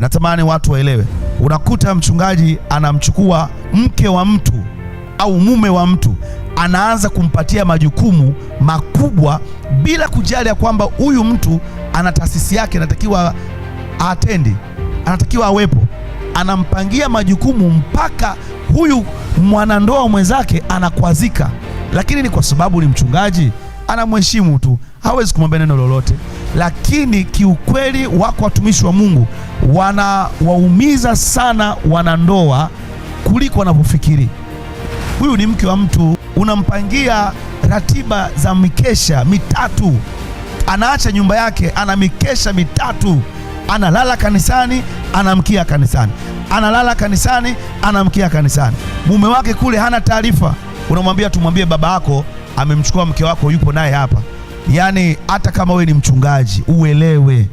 natamani watu waelewe, unakuta mchungaji anamchukua mke wa mtu au mume wa mtu, anaanza kumpatia majukumu makubwa bila kujali ya kwamba huyu mtu ana taasisi yake, anatakiwa aatendi, anatakiwa awepo, anampangia majukumu mpaka huyu mwanandoa mwenzake anakwazika, lakini ni kwa sababu ni mchungaji, anamheshimu tu, hawezi kumwambia neno lolote. Lakini kiukweli, wako watumishi wa Mungu wanawaumiza sana wanandoa kuliko wanavyofikiri. Huyu ni mke wa mtu, unampangia ratiba za mikesha mitatu, anaacha nyumba yake, ana mikesha mitatu, analala kanisani, anamkia kanisani, analala kanisani, anamkia kanisani. Mume wake kule hana taarifa, unamwambia tumwambie baba yako amemchukua mke wako, yupo naye hapa. Yaani hata kama wewe ni mchungaji uelewe.